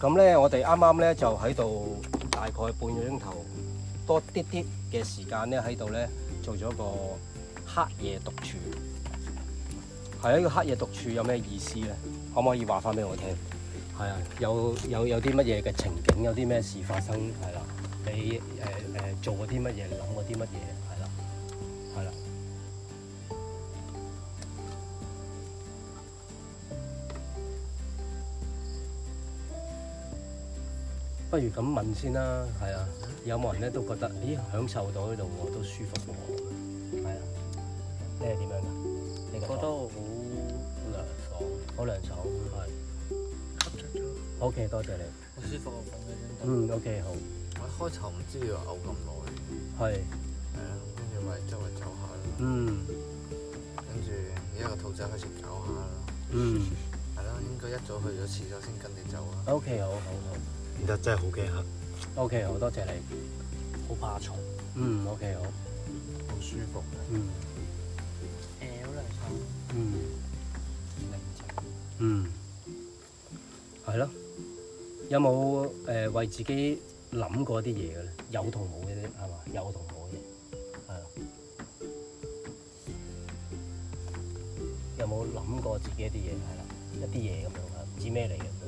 咁咧，我哋啱啱咧就喺度大概半個鐘頭多啲啲嘅時間咧，喺度咧做咗個黑夜獨處。係啊，呢個黑夜獨處有咩意思咧？可唔可以話翻俾我聽？係啊，有有有啲乜嘢嘅情景，有啲咩事發生？係啦，你誒誒、呃、做過啲乜嘢，諗過啲乜嘢？不如咁問先啦，係啊，有冇人咧都覺得，咦，享受到呢度喎，都舒服喎，係啊，咩點樣你、這個、覺得我好涼爽，好涼爽，係、啊，吸足咗。OK，多謝你。好舒服啊，瞓緊先。嗯，OK，好。我開頭唔知你話嘔咁耐。係是。係啦，跟住咪周圍走下嗯。跟住而家個兔仔開始嘔下啦。嗯。係啦、嗯啊，應該一早去咗廁所先跟你走啊。OK，好好好。好好好好好好。而得真係、okay, 好驚黑。O K，好多謝你。好怕蟲。嗯，O、okay, K，好。好舒服。嗯。誒，好嗯。嗯。係咯、嗯。有冇誒、呃、為自己諗過啲嘢嘅咧？有同冇嘅啫，係嘛？有同冇嘅係。有冇諗過自己一啲嘢？係啦，一啲嘢咁樣啊？唔知咩嚟嘅。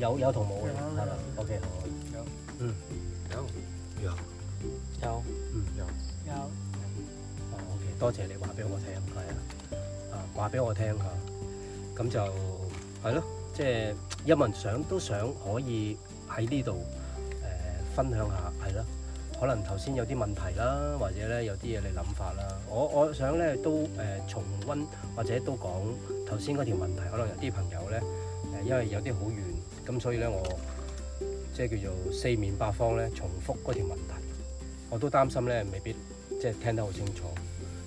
有有同冇嘅，係啦。O.K. 好，嗯，有，有，有，嗯，有，有，哦，O.K. 多謝你話俾我聽，係啊，啊話俾我聽嚇，咁就係咯，即係一問想都想可以喺呢度誒分享下，係咯。可能頭先有啲問題啦，或者咧有啲嘢你諗法啦。我我想咧都誒重溫，或者都講頭先嗰條問題，可能有啲朋友咧誒，因為有啲好遠。咁所以咧，我即係叫做四面八方咧，重複嗰條問題，我都擔心咧，未必即係聽得好清楚。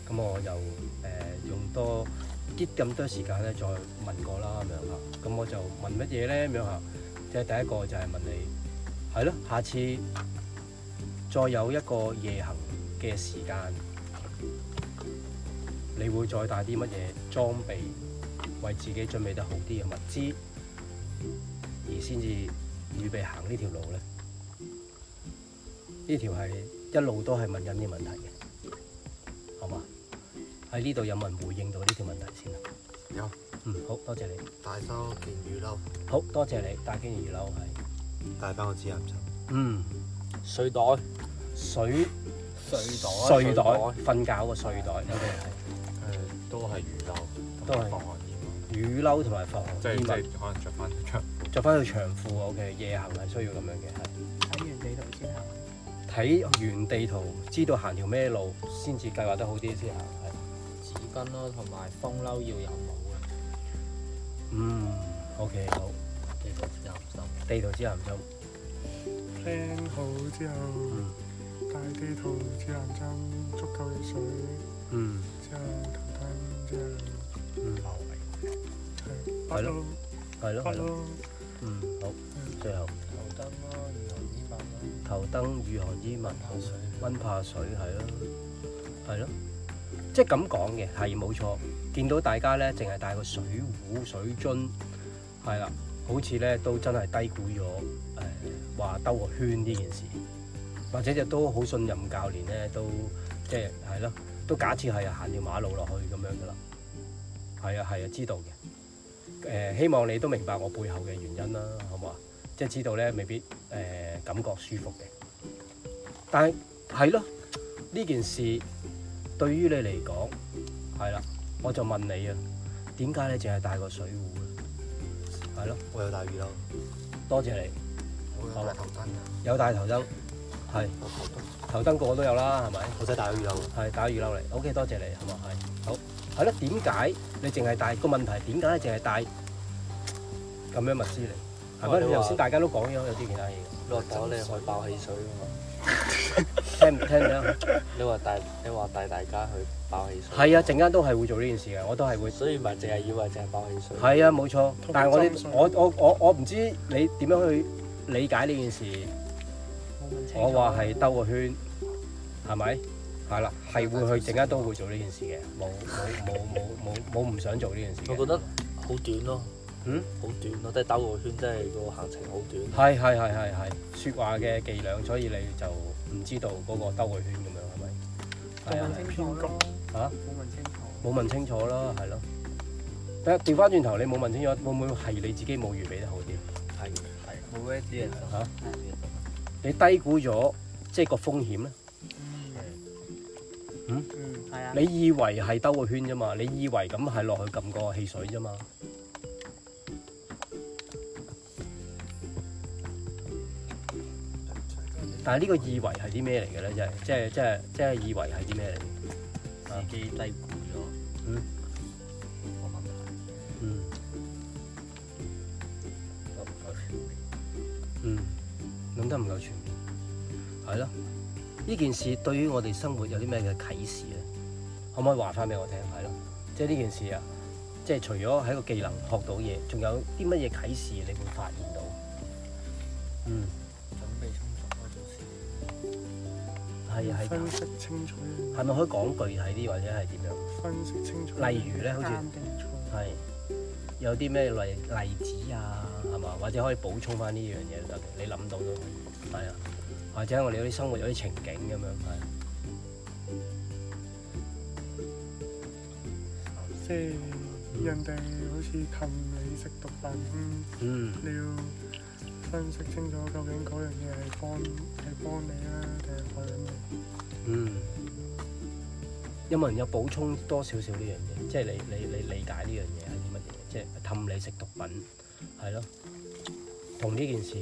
咁我就誒、呃、用多啲咁多時間咧，再問過啦咁樣吓，咁我就問乜嘢咧咁樣吓，即係第一個就係問你，係咯，下次再有一個夜行嘅時間，你會再帶啲乜嘢裝備，為自己準備得好啲嘅物資。先至預備行呢條路咧，呢條係一路都係問緊啲問題嘅，好嘛？喺呢度有冇人回應到呢條問題先啊？有，嗯，好多謝你。帶翻件雨褸，好多謝你帶件雨褸，係帶翻我知啊，唔使。嗯，睡袋，水睡袋，睡袋，瞓覺個睡袋。O K，誒，都係雨褸，都係防寒衣帽。雨褸同埋防寒。即係即係，可能着翻長。着翻條長褲，OK，夜行係需要咁樣嘅，係。睇完地圖之後，睇完地圖知道行條咩路先至計劃得好啲先啊，係。紙巾咯，同埋風褸要有冇嘅。嗯，OK，好。其實指南針，地圖、指南針。plan 好之後，帶地圖、指南針、足夠嘅水。嗯。之後頭燈之後。嗯。係。係咯。係咯。嗯，好，嗯、最後頭燈咯、啊，禦寒衣物咯，頭燈禦寒衣物，蚊怕、啊、水，蚊怕水係咯，係咯、啊，即係咁講嘅，係冇錯。見到大家咧，淨係帶個水壺、水樽，係啦、啊，好似咧都真係低估咗誒，話、哎、兜個圈呢件事，或者亦都好信任教練咧，都即係係咯，都假設係行條馬路落去咁樣噶啦，係啊係啊，啊，知道嘅。誒希望你都明白我背後嘅原因啦，好唔好啊？即係知道咧，未必誒、呃、感覺舒服嘅。但係係咯，呢件事對於你嚟講係啦，我就問你啊，點解你淨係帶個水壺啊？係咯，我有帶雨褸。多謝你。我有帶頭燈啊。好，有帶頭燈，係頭燈個個都有啦，係咪？好使帶雨褸啊。係帶雨褸嚟。OK，多謝你，係咪？係好。係咯？點解你淨係帶個問題？點解你淨係帶咁樣物資嚟？係咪？你頭先大家都講咗有啲其他嘢嘅。我講你去爆汽水啊 聽唔聽得？ 你話帶你話帶大家去爆汽水？係啊，陣間都係會做呢件事嘅，我都係會。所以咪淨係以為淨係爆汽水？係啊，冇錯。但係我我我我我唔知你點樣去理解呢件事。我話係兜個圈，係咪？係啦，係會去陣間都會做呢件事嘅，冇冇冇冇冇冇唔想做呢件事。我覺得好短咯，嗯，好短咯，即係兜個圈，真係個行程好短。係係係係係，說話嘅伎倆，所以你就唔知道嗰個兜個圈咁樣係咪？冇問清楚。吓？冇問清楚。冇問清楚啦，係咯。但係調翻轉頭，你冇問清楚，會唔會係你自己冇預備得好啲？係係，好危險吓，你低估咗即係個風險咧？嗯，嗯，係啊。你以為係兜個圈啫嘛？你以為咁係落去撳個汽水啫嘛？但係呢個以為係啲咩嚟嘅咧？即係即係即係即係以為係啲咩嚟嘅？啊，機低估咗。嗯。我問下。嗯。唔夠全面。嗯，諗得唔夠全面。係咯。呢件事對於我哋生活有啲咩嘅啟示咧？可唔可以話翻俾我聽？係咯，即係呢件事啊，即係除咗喺個技能學到嘢，仲有啲乜嘢啟示？你會發現到。嗯。準備充足嘅件事。係係。啊、分析清楚。係咪可以講具體啲，或者係點樣？分析清楚。例如咧，好似。鑑係點。有啲咩例例子啊？係嘛？或者可以補充翻呢樣嘢都得，你諗到都係啊。或者我哋有啲生活有啲情景咁樣係，即係人哋好似氹你食毒品，你要分析清楚究竟嗰樣嘢係幫係幫你啦，定係幫？嗯，有冇人有補充多少少呢樣嘢？即係你你你理解呢樣嘢係啲乜嘢？即係氹你食毒品係咯，同呢件事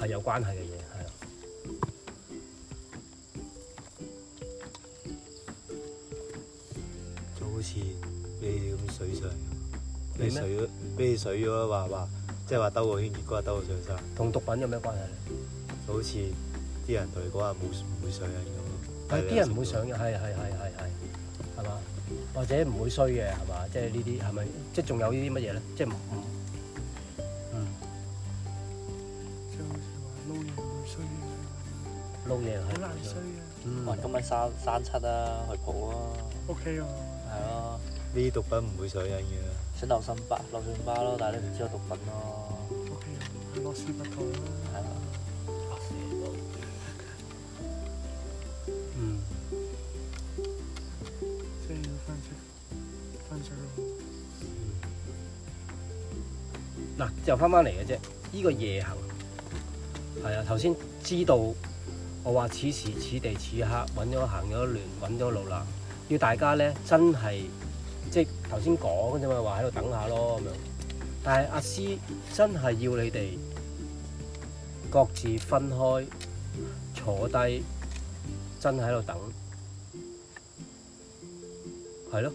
係有關係嘅嘢。水俾水咗話話，即係話兜個圈，結果兜到上山。同毒品有咩關係咧？好似啲人同你講話冇唔會上癮嘅。係啲人唔會上癮，係係係係係，係嘛？或者唔會衰嘅係嘛？即係呢啲係咪？即係仲有呢啲乜嘢咧？即係唔嗯，即好似話露營會衰嘅嘢。營好難衰嘅。嗯，今晚三三七啊，去蒲啊。O OK K、哦、啊。係啊。呢啲毒品唔會上癮嘅。整流心巴、流血巴咯，但係你唔知道有毒品咯、啊。O、okay, K，不妥啦、啊。係吧啊。嗯。即係要翻上，翻上咯。嗯。嗱，就翻返嚟嘅啫。呢個夜行係啊，頭先知道我話此時此地此刻揾咗行咗一輪揾咗路啦。要大家咧真係即。頭先講啫嘛，話喺度等下咯咁樣，但係阿 Sir 真係要你哋各自分開坐低，真喺度等，係咯，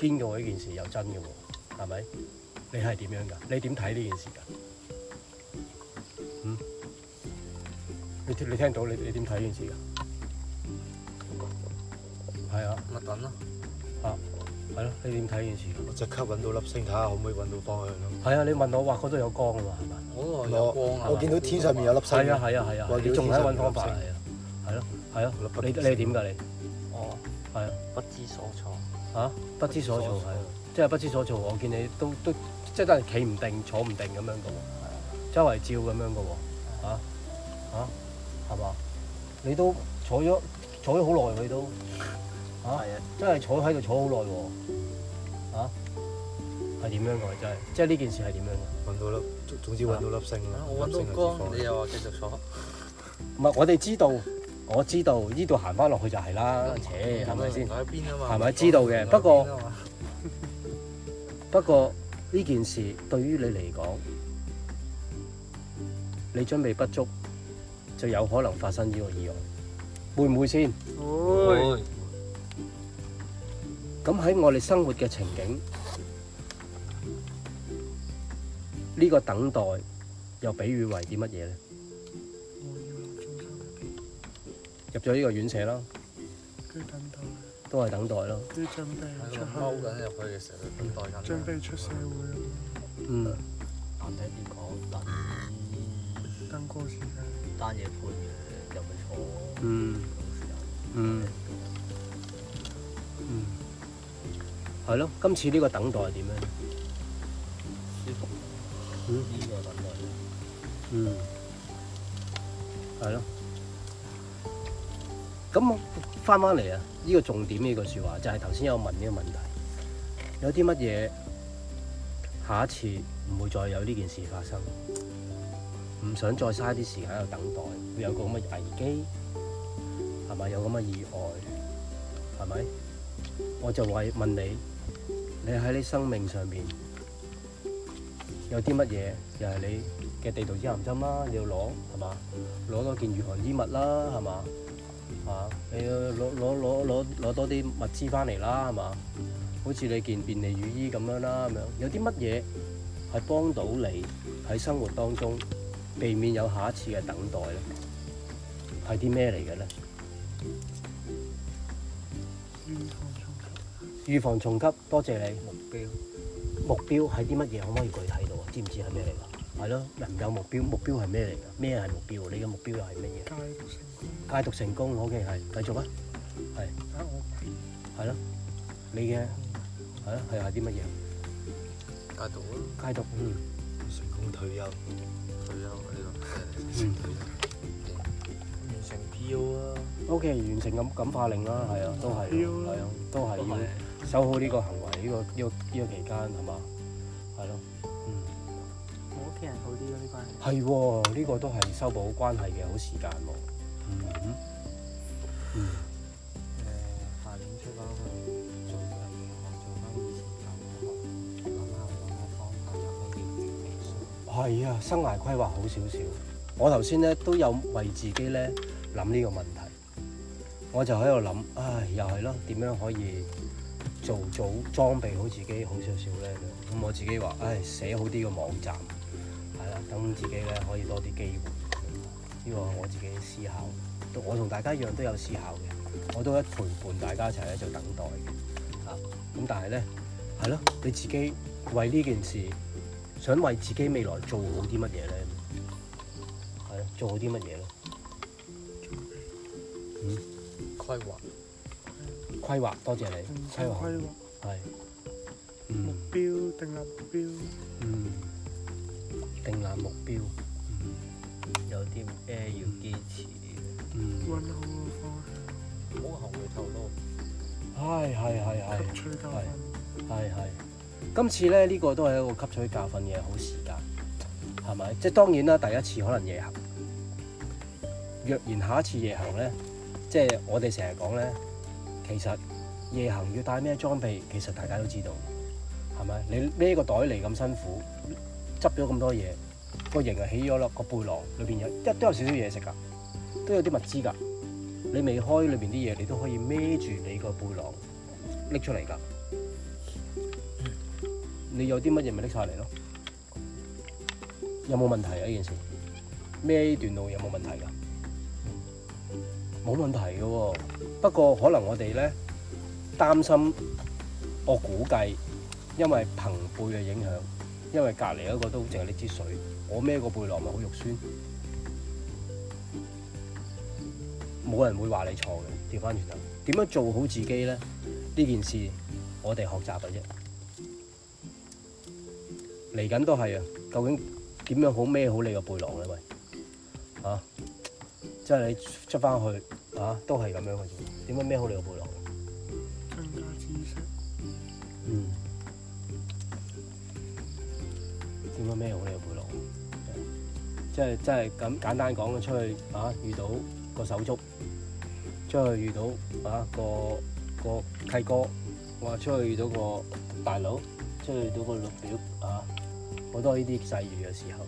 堅嘅呢件事，又真嘅喎，係咪？你係點樣噶？你點睇呢件事噶？嗯，你聽你聽到你，你你點睇呢件事啊？係啊，咪等咯，啊。係咯，你點睇件事？我即刻揾到粒星，睇下可唔可以揾到方向咯。係啊，你問我，哇，嗰度有光噶嘛，係咪？好耐有光啊！我見到天上面有粒星。係啊，係啊，係啊！你仲喺度揾方法啊？係咯，係啊。你你係點噶你？哦，係啊，不知所措。吓，不知所措係，即係不知所措。我見你都都即係得人企唔定、坐唔定咁樣噶喎。周圍照咁樣噶喎。吓吓，係嘛？你都坐咗坐咗好耐佢都。嚇、啊的啊，啊！真係坐喺度坐好耐喎，嚇係點樣耐？真係，即係呢件事係點樣？揾到粒，總之揾到粒星啦三。我揾到光，你又話繼續坐。唔係，我哋知道，我知道呢度行翻落去就係啦，且係咪先？喺邊啊嘛？係咪吧、啊、知道嘅？不過不過呢、啊、 件事對於你嚟講，你準備不足，就有可能發生呢個意外，會唔會先？會。咁喺我哋生活嘅情景，呢個等待又比喻為啲乜嘢咧？入咗呢個院舍咯。都係等待咯。準備出社會咯。嗯。難聽點講，等。等個時間。單嘢瞓住，養個巢。嗯。嗯。嗯。係咯，今次呢個等待係點樣？服嗯，呢個等待嗯，係咯。咁翻翻嚟啊！呢、這個重點呢句說話就係頭先有問呢個問題，有啲乜嘢下一次唔會再有呢件事發生？唔想再嘥啲時間喺度等待，會有個咁嘅危機，係咪有咁嘅意外？係咪？我就話問你。你喺你生命上面有啲乜嘢，又係你嘅地圖指南針啦？你要攞係嘛？攞、嗯、多件御寒衣物啦，係嘛？嗯、啊，你要攞攞攞攞攞多啲物資翻嚟啦，係嘛？嗯、好似你件便利雨衣咁樣啦，咁樣有啲乜嘢係幫到你喺生活當中避免有下一次嘅等待咧？係啲咩嚟嘅咧？預防重吸，多謝你目標。目標係啲乜嘢？可唔可以具體到啊？知唔知係咩嚟㗎？係咯，人有目標，目標係咩嚟㗎？咩係目標？你嘅目標又係乜嘢？戒毒成功。戒毒成功，OK，係繼續啊。係。嚇我。係咯。你嘅係啊係啊啲乜嘢？戒毒啊。戒毒嗯。成功退休。退休嗰啲咯。嗯。退休。完成 PO 啊。OK，完成咁感化令啦，係啊，都係，係啊，都係。收好呢個行為，呢、呢個呢、呢個呢、呢個呢個期間係嘛？係咯，嗯，我屋企人好啲咯，呢個係係喎，呢、呢個都係修補關係嘅好時間喎，嗯，嗯，誒、嗯，下年出返去做第二行，做翻以前嘅，諗下諗下方法入去解決嘅事。係啊，生涯規劃好少少。我頭先咧都有為自己咧諗呢個問題，我就喺度諗，唉，又係咯，點樣可以？做早裝備好自己好少少咧，咁我自己話，唉，寫好啲個網站，係啦，等自己咧可以多啲機會。呢、嗯這個我自己思考，我同大家一樣都有思考嘅，我都一陪伴大家一齊喺度等待嘅，啊、嗯，咁但係咧，係咯，你自己為呢件事想為自己未來做好啲乜嘢咧？係咯，做好啲乜嘢咯？嗯，規劃。規劃，多謝你、嗯、規劃，係目標，定立目標，定立目標、嗯、立目標有啲咩要堅持？嗯，嗯好，好後悔太多。係係係係，吸今次咧呢、這個都係一個吸取教訓嘅好時間，係咪？即係當然啦，第一次可能夜行。若然下一次夜行咧，即係我哋成日講咧。呢呢呢其實夜行要帶咩裝備，其實大家都知道，係咪？你孭個袋嚟咁辛苦，執咗咁多嘢，個型係起咗咯，個背囊裏邊有一都有少少嘢食噶，都有啲物資噶。你未開裏邊啲嘢，你都可以孭住你個背囊拎出嚟噶。你有啲乜嘢，咪拎晒嚟咯？有冇問題啊？呢件事孭段路有冇問題噶？冇問題嘅喎，哦，不過可能我哋咧擔心，我估計因為朋輩嘅影響，因為隔離嗰個都淨係呢支水，我孭個背囊咪好肉酸，冇人會話你錯嘅，調翻轉頭，點樣做好自己咧？呢件事我哋學習嘅啫，嚟緊都係啊，究竟點樣好孭好你個背囊咧？喂！啊？即係你出翻去嚇、啊，都係咁樣嘅啫。點樣孭好你個背囊、嗯？嗯。點樣孭好你個背囊？即係即係咁簡單講出去嚇、啊，遇到個手足，出去遇到嚇個個契哥，話出去遇到個大佬，出去遇到個老表嚇，好、啊、多呢啲際遇嘅時候，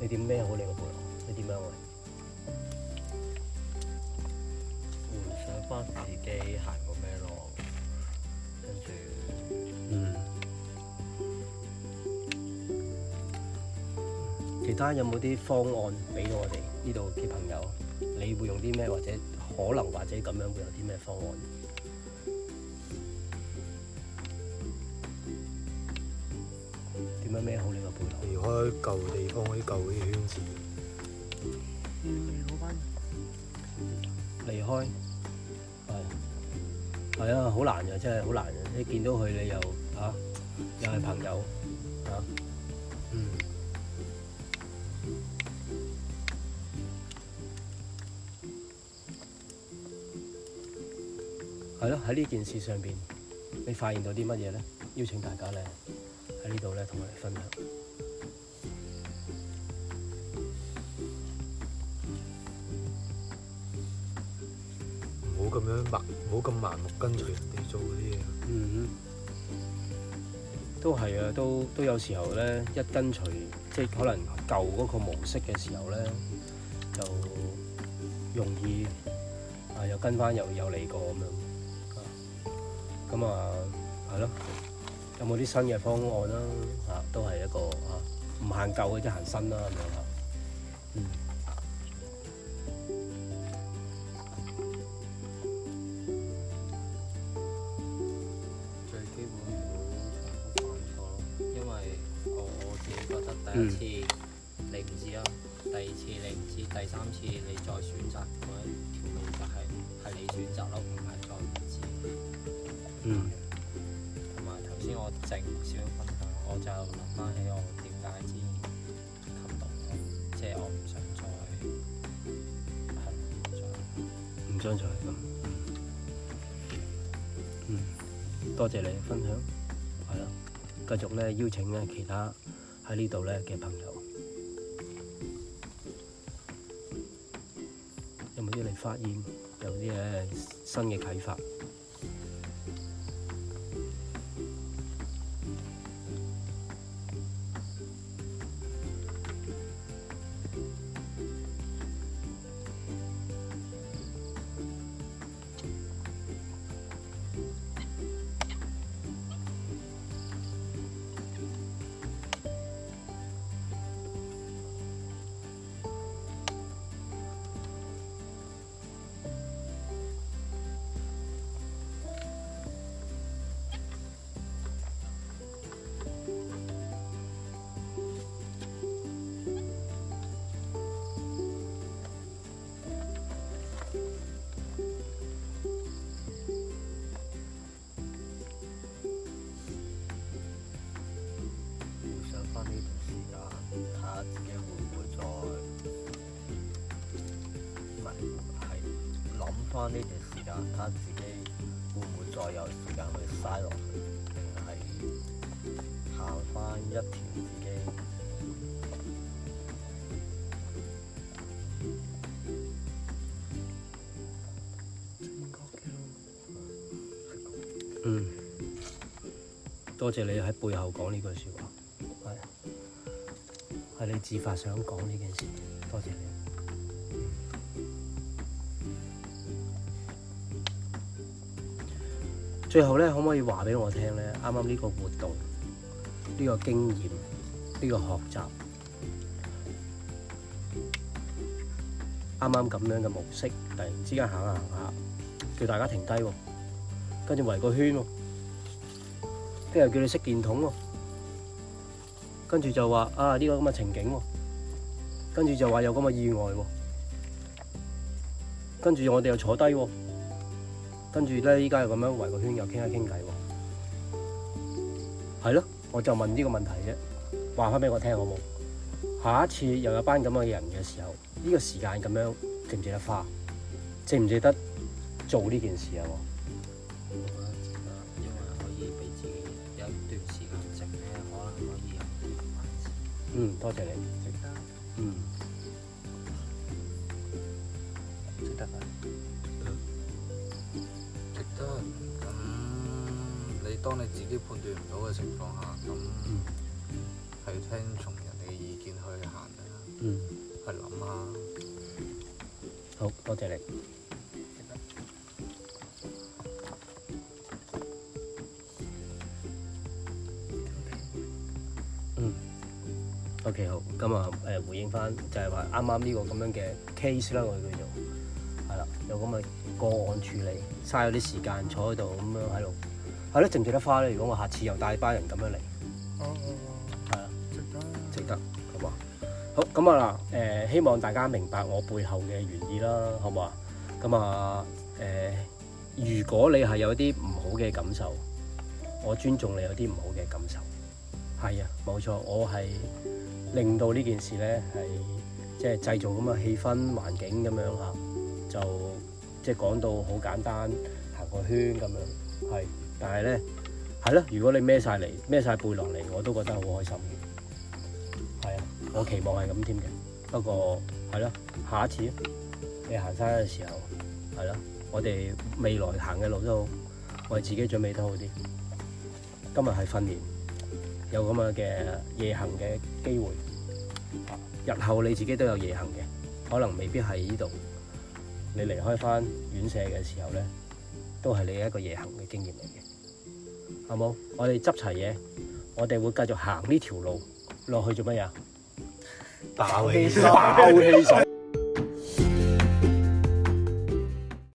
你點孭好你個背囊？你點樣啊？回想翻自己行過咩咯，跟住嗯，其他有冇啲方案俾我哋呢度嘅朋友？你會用啲咩，或者可能或者咁樣會有啲咩方案？點樣孭好呢個背囊？離開舊地方嗰啲舊嘅啲圈子。開係、嗯、啊，好難嘅，真係好難。你見到佢，你又吓、啊、又係朋友吓、啊，嗯，係咯、啊。喺呢件事上邊，你發現到啲乜嘢咧？邀請大家咧喺呢度咧同我哋分享。咁樣盲，唔好咁盲目跟隨人哋做嗰啲嘢。嗯，都係啊，都都有時候咧，一跟隨，即係可能舊嗰個模式嘅時候咧，就容易啊又跟翻又有嚟過咁樣。咁啊，係、啊、咯、啊，有冇啲新嘅方案啦、啊？嚇、啊，都係一個嚇，唔限舊嘅，即係行新啦咁樣啊。嗯。相處咁，嗯，多謝你嘅分享，係、嗯、咯，繼續邀請其他喺呢度咧嘅朋友，有冇啲你發現有啲嘢新嘅啟發？翻呢段時間，他自己會唔會再有時間去嘥落去，定係行翻一條自己？嗯，多謝你喺背後講呢句説話。係，係你自發想講呢件事，多謝你。最後呢，可唔可以話俾我聽呢？啱啱呢個活動，呢個經驗，呢個學習，啱啱咁樣嘅模式，突然之間行下行下，叫大家停低喎，跟住圍個圈喎，啲人叫你熄電筒喎，跟住就話啊呢個咁嘅情景喎，跟住就話有咁嘅意外喎，跟住我哋又坐低喎。跟住咧，依家又咁樣圍個圈又傾一傾偈喎，係咯，我就問呢個問題啫，話翻俾我聽好冇？下一次又有班咁嘅人嘅時候，呢個時間咁樣值唔值得花？值唔值得做呢件事啊？我覺得值得，因為可以俾自己有一段時間靜嘅，可能可以有啲反思。嗯，多謝你。嗯。當你自己判斷唔到嘅情況下，咁係聽從人哋嘅意見去行。嗯，去諗下，好多謝你。Okay. 嗯。OK，好，咁啊誒，回應返就係話啱啱呢個咁樣嘅 case 啦，我哋叫做係啦，有咁嘅個案處理，嘥咗啲時間坐喺度咁樣喺度。係咯，值唔值得花咧？如果我下次又帶班人咁樣嚟，哦，係啊的，值得，值得，好嘛？好咁啊嗱，誒、呃，希望大家明白我背後嘅原意啦，好唔好啊？咁啊，誒、呃，如果你係有啲唔好嘅感受，我尊重你有啲唔好嘅感受，係啊，冇錯，我係令到呢件事咧係即係製造咁嘅氣氛環境咁樣嚇，就即係、就是、講到好簡單，行個圈咁樣，係。但係咧，係咯，如果你孭晒嚟，孭晒背囊嚟，我都覺得好開心係啊，我期望係咁添嘅。不過，係咯，下一次你行山嘅時候，係咯，我哋未來行嘅路都為自己準備得好啲。今日係訓練，有咁樣嘅夜行嘅機會。日後你自己都有夜行嘅，可能未必喺呢度。你離開翻院舍嘅時候咧，都係你一個夜行嘅經驗嚟嘅。好，好，冇，我哋執齊嘢，我哋會繼續行呢條路落去做乜嘢？打氣！